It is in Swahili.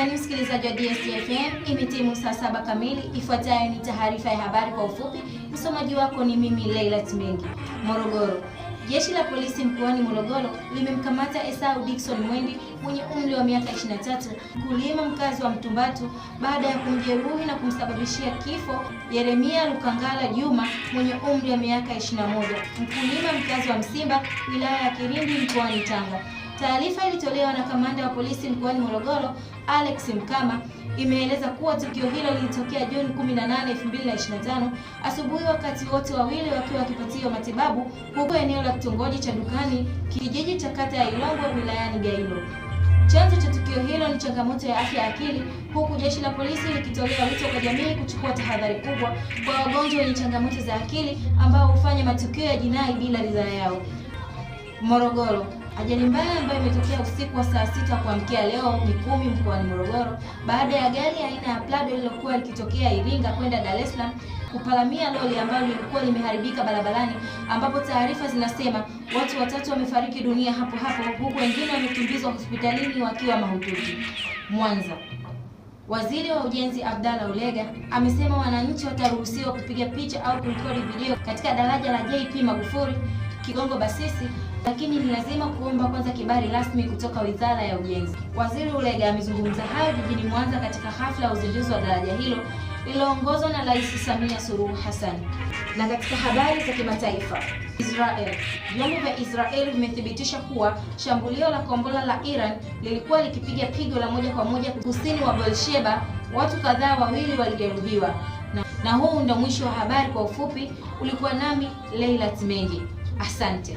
gani, msikilizaji wa DSTFM, imetimu saa saba kamili. Ifuatayo ni taarifa ya habari kwa ufupi. Msomaji wako ni mimi Leila Tmengi. Morogoro, jeshi la polisi mkoani Morogoro limemkamata Esau Dickson Mwendi mwenye umri wa miaka 23, mkulima mkazi wa Mtumbatu baada ya kumjeruhi na kumsababishia kifo Yeremia Lukangala Juma mwenye umri wa miaka 21, mkulima mkazi wa Msimba wilaya ya Kirindi mkoani Tanga. Taarifa iliyotolewa na kamanda wa polisi mkoani Morogoro, Alex Mkama, imeeleza kuwa tukio hilo lilitokea Juni 18, 2025 asubuhi, wakati wote wawili wakiwa wakipatiwa matibabu huko eneo la kitongoji cha Dukani, kijiji cha kata ya Ilongo, wilayani Gairo. Chanzo cha tukio hilo ni changamoto ya afya ya akili, huku jeshi la polisi likitolea wito kwa jamii kuchukua tahadhari kubwa kwa wagonjwa wenye changamoto za akili ambao hufanya matukio ya jinai bila ridhaa yao. Morogoro. Ajali mbaya ambayo imetokea usiku wa saa sita kuamkia leo Mikumi mkoani Morogoro baada ya gari aina ya Prado lililokuwa likitokea Iringa kwenda Dar es Salaam kupalamia lori ambalo lilikuwa limeharibika barabarani, ambapo taarifa zinasema watu watatu wamefariki dunia hapo hapo, huku wengine wamekimbizwa hospitalini wakiwa mahututi. Mwanza, Waziri wa Ujenzi Abdalla Ulega amesema wananchi wataruhusiwa kupiga picha au kurekodi video katika daraja la JP Magufuli Kigongo Basisi, lakini ni lazima kuomba kwanza kibali rasmi kutoka Wizara ya Ujenzi. Waziri Ulega amezungumza hayo jijini Mwanza katika hafla ya uzinduzi wa daraja hilo lililoongozwa na Rais Samia Suluhu Hassan. Na katika habari za kimataifa, Israel, vyombo vya Israel vimethibitisha kuwa shambulio la kombora la Iran lilikuwa likipiga pigo la moja kwa moja kusini wa Beersheba. Watu kadhaa wawili walijeruhiwa. Na, na huu ndio mwisho wa habari kwa ufupi. Ulikuwa nami Leila Tmengi. Asante.